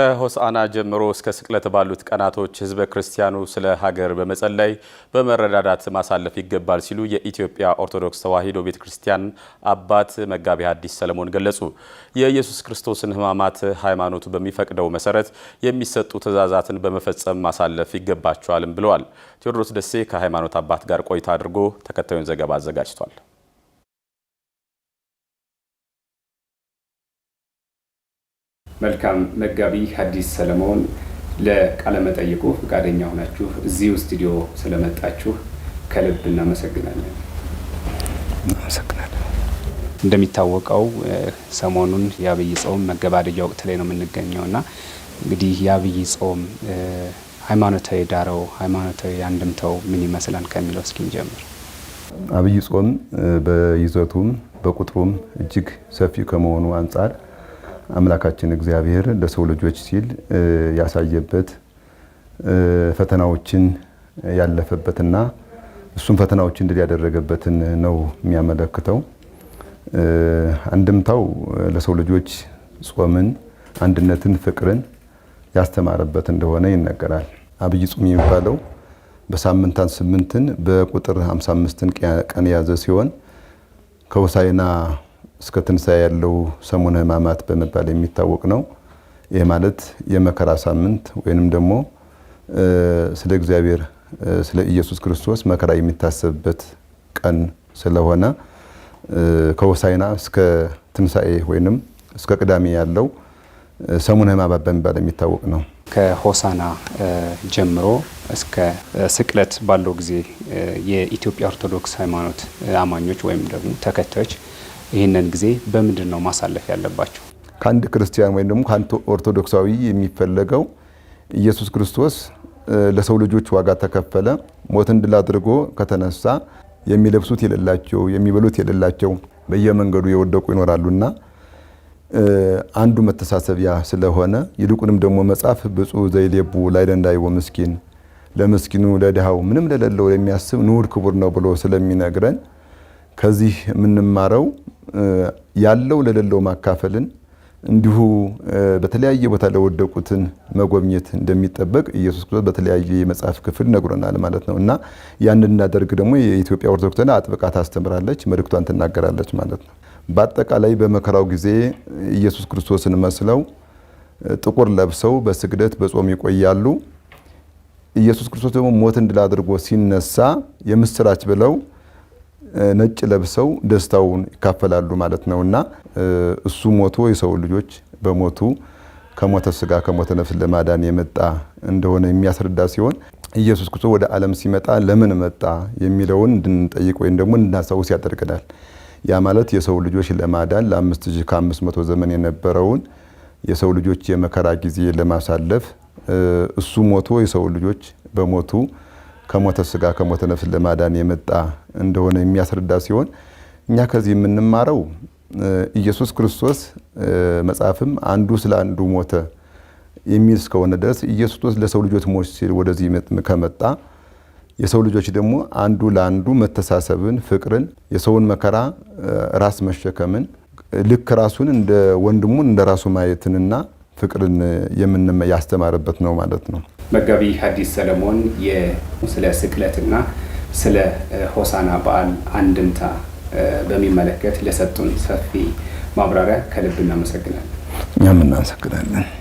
ከሆሳና ጀምሮ እስከ ስቅለት ባሉት ቀናቶች ህዝበ ክርስቲያኑ ስለ ሀገር በመጸለይ በመረዳዳት ማሳለፍ ይገባል ሲሉ የኢትዮጵያ ኦርቶዶክስ ተዋሕዶ ቤተ ክርስቲያን አባት መጋቤ ሐዲስ ሰለሞን ገለጹ። የኢየሱስ ክርስቶስን ሕማማት ሃይማኖቱ በሚፈቅደው መሰረት የሚሰጡ ትእዛዛትን በመፈጸም ማሳለፍ ይገባቸዋልም ብለዋል። ቴዎድሮስ ደሴ ከሃይማኖት አባት ጋር ቆይታ አድርጎ ተከታዩን ዘገባ አዘጋጅቷል። መልካም መጋቢ ሐዲስ ሰለሞን ለቃለ መጠይቁ ፈቃደኛ ሆናችሁ እዚሁ ስቱዲዮ ስለመጣችሁ ከልብ እናመሰግናለን። እንደሚታወቀው ሰሞኑን የአብይ ጾም መገባደጃ ወቅት ላይ ነው የምንገኘው እና እንግዲህ የአብይ ጾም ሃይማኖታዊ ዳራው ሃይማኖታዊ አንድምታው ምን ይመስላል ከሚለው እስኪን ጀምር። አብይ ጾም በይዘቱም በቁጥሩም እጅግ ሰፊ ከመሆኑ አንጻር አምላካችን እግዚአብሔር ለሰው ልጆች ሲል ያሳየበት ፈተናዎችን ያለፈበትና እሱም ፈተናዎች እንድል ያደረገበትን ነው የሚያመለክተው። አንድምታው ለሰው ልጆች ጾምን፣ አንድነትን፣ ፍቅርን ያስተማረበት እንደሆነ ይነገራል። አብይ ጾም የሚባለው በሳምንታት ስምንትን በቁጥር 55ን ቀን የያዘ ሲሆን ከሆሳዕና እስከ ትንሣኤ ያለው ሰሙነ ሕማማት በመባል የሚታወቅ ነው። ይህ ማለት የመከራ ሳምንት ወይንም ደግሞ ስለ እግዚአብሔር ስለ ኢየሱስ ክርስቶስ መከራ የሚታሰብበት ቀን ስለሆነ ከሆሳዕና እስከ ትንሣኤ ወይንም እስከ ቅዳሜ ያለው ሰሙነ ሕማማት በመባል የሚታወቅ ነው። ከሆሳዕና ጀምሮ እስከ ስቅለት ባለው ጊዜ የኢትዮጵያ ኦርቶዶክስ ሃይማኖት አማኞች ወይም ደግሞ ተከታዮች ይህንን ጊዜ በምንድን ነው ማሳለፍ ያለባቸው? ከአንድ ክርስቲያን ወይም ደግሞ ከአንድ ኦርቶዶክሳዊ የሚፈለገው ኢየሱስ ክርስቶስ ለሰው ልጆች ዋጋ ተከፈለ፣ ሞትን ድል አድርጎ ከተነሳ የሚለብሱት የሌላቸው የሚበሉት የሌላቸው በየመንገዱ የወደቁ ይኖራሉና አንዱ መተሳሰቢያ ስለሆነ ይልቁንም ደግሞ መጽሐፍ ብፁዕ ዘይሌቡ ላይደንዳይቦ ምስኪን ለምስኪኑ ለድሃው ምንም ለሌለው ለሚያስብ ንዑድ ክቡር ነው ብሎ ስለሚነግረን ከዚህ የምንማረው ያለው ለሌለው ማካፈልን እንዲሁ በተለያየ ቦታ ለወደቁትን መጎብኘት እንደሚጠበቅ ኢየሱስ ክርስቶስ በተለያየ የመጽሐፍ ክፍል ነግሮናል ማለት ነው እና ያን እናደርግ ደግሞ የኢትዮጵያ ኦርቶዶክስ አጥብቃ ታስተምራለች፣ መልእክቷን ትናገራለች ማለት ነው። በአጠቃላይ በመከራው ጊዜ ኢየሱስ ክርስቶስን መስለው ጥቁር ለብሰው በስግደት በጾም ይቆያሉ። ኢየሱስ ክርስቶስ ደግሞ ሞትን ድል አድርጎ ሲነሳ የምስራች ብለው ነጭ ለብሰው ደስታውን ይካፈላሉ ማለት ነው እና እሱ ሞቶ የሰው ልጆች በሞቱ ከሞተ ስጋ ከሞተ ነፍስ ለማዳን የመጣ እንደሆነ የሚያስረዳ ሲሆን ኢየሱስ ክርስቶስ ወደ ዓለም ሲመጣ ለምን መጣ የሚለውን እንድንጠይቅ ወይም ደግሞ እንድናስታውስ ያደርገናል። ያ ማለት የሰው ልጆች ለማዳን ለ5500 መቶ ዘመን የነበረውን የሰው ልጆች የመከራ ጊዜ ለማሳለፍ እሱ ሞቶ የሰው ልጆች በሞቱ ከሞተ ስጋ ከሞተ ነፍስ ለማዳን የመጣ እንደሆነ የሚያስረዳ ሲሆን እኛ ከዚህ የምንማረው ኢየሱስ ክርስቶስ መጽሐፍም አንዱ ስለ አንዱ ሞተ የሚል እስከሆነ ድረስ ኢየሱስ ለሰው ልጆች ሞት ሲል ወደዚህ ከመጣ የሰው ልጆች ደግሞ አንዱ ለአንዱ መተሳሰብን፣ ፍቅርን፣ የሰውን መከራ ራስ መሸከምን ልክ ራሱን እንደ ወንድሙን እንደ ራሱ ማየትንና ፍቅርን የምንመ ነው ማለት ነው። መጋቢ ሐዲስ ሰለሞን ስለ ስቅለትና ስለ ሆሳና በዓል አንድምታ በሚመለከት ለሰጡን ሰፊ ማብራሪያ ከልብ እናመሰግናለን። እኛም እናመሰግናለን።